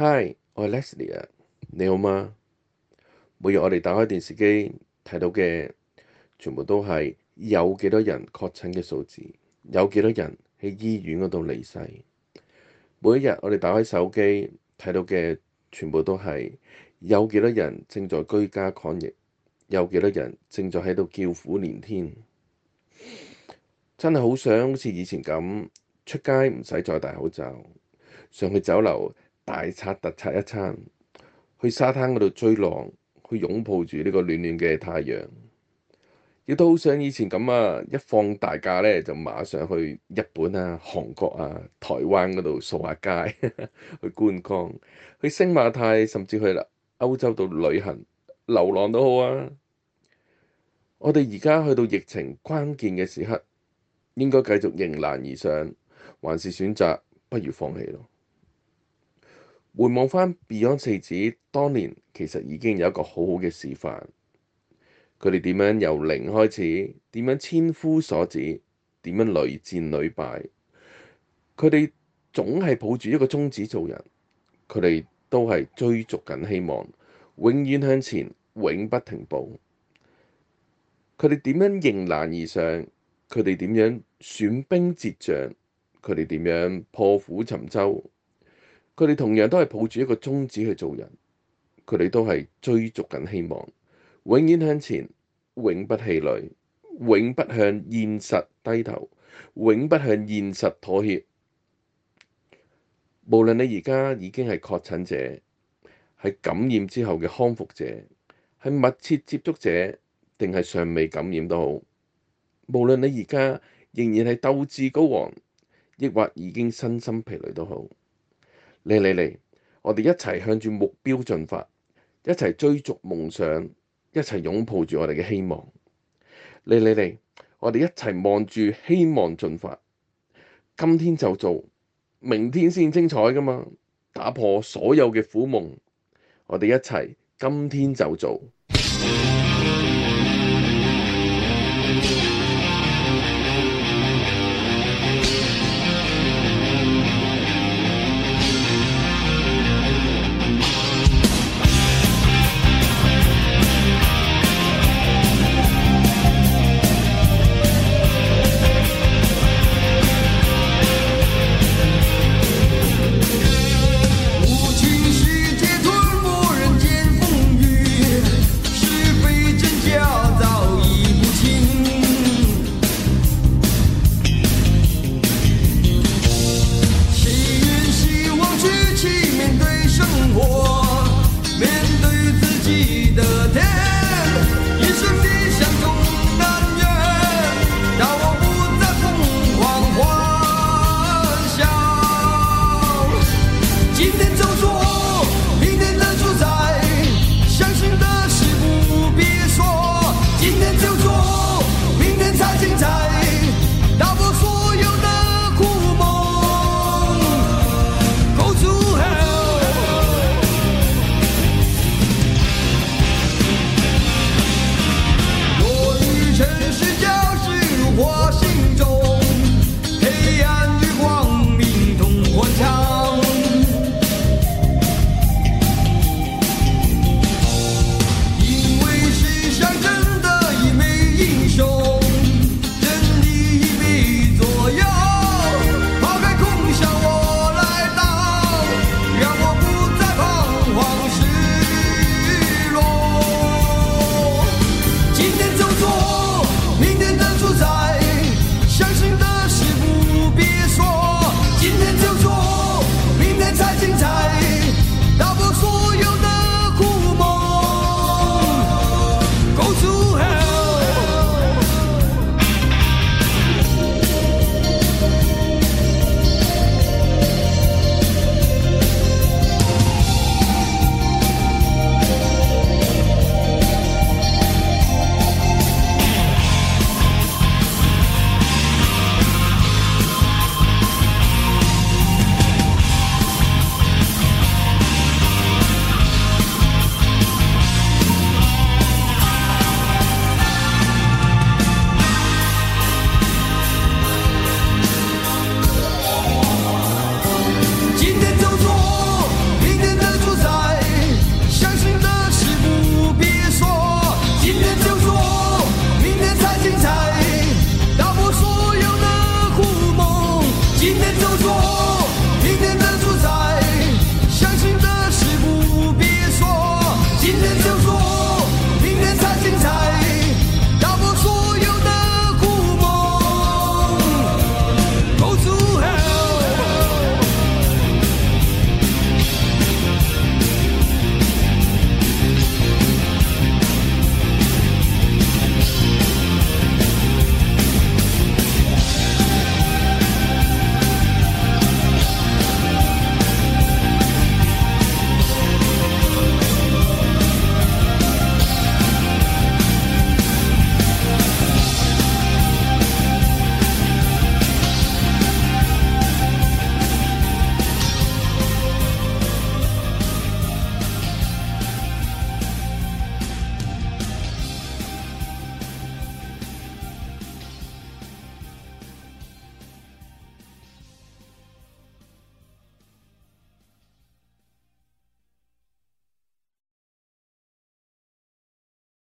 Hi，我係 Leslie 啊，你好嗎？每日我哋打開電視機睇到嘅，全部都係有幾多人確診嘅數字，有幾多人喺醫院嗰度離世。每一日我哋打開手機睇到嘅，全部都係有幾多人正在居家抗疫，有幾多人正在喺度叫苦連天。真係好想好似以前咁出街唔使再戴口罩，上去酒樓。大拆特拆一餐，去沙灘嗰度追浪，去擁抱住呢個暖暖嘅太陽。亦都好想以前咁啊，一放大假呢，就馬上去日本啊、韓國啊、台灣嗰度掃下街， 去觀光，去星馬泰，甚至去啦歐洲度旅行、流浪都好啊。我哋而家去到疫情關鍵嘅時刻，應該繼續迎難而上，還是選擇不如放棄咯？回望返 Beyond 四子，當年其實已經有一個好好嘅示範。佢哋點樣由零開始？點樣千夫所指？點樣屢戰屢敗？佢哋總係抱住一個宗旨做人。佢哋都係追逐緊希望，永遠向前，永不停步。佢哋點樣迎難而上？佢哋點樣損兵折將？佢哋點樣破釜沉舟？佢哋同樣都係抱住一個宗旨去做人，佢哋都係追逐緊希望，永遠向前，永不氣餒，永不向現實低頭，永不向現實妥協。無論你而家已經係確診者，係感染之後嘅康復者，係密切接觸者，定係尚未感染都好，無論你而家仍然係鬥志高昂，抑或已經身心疲累都好。嚟嚟嚟，我哋一齊向住目標進發，一齊追逐夢想，一齊擁抱住我哋嘅希望。嚟嚟嚟，我哋一齊望住希望進發。今天就做，明天先精彩㗎嘛！打破所有嘅苦夢，我哋一齊，今天就做。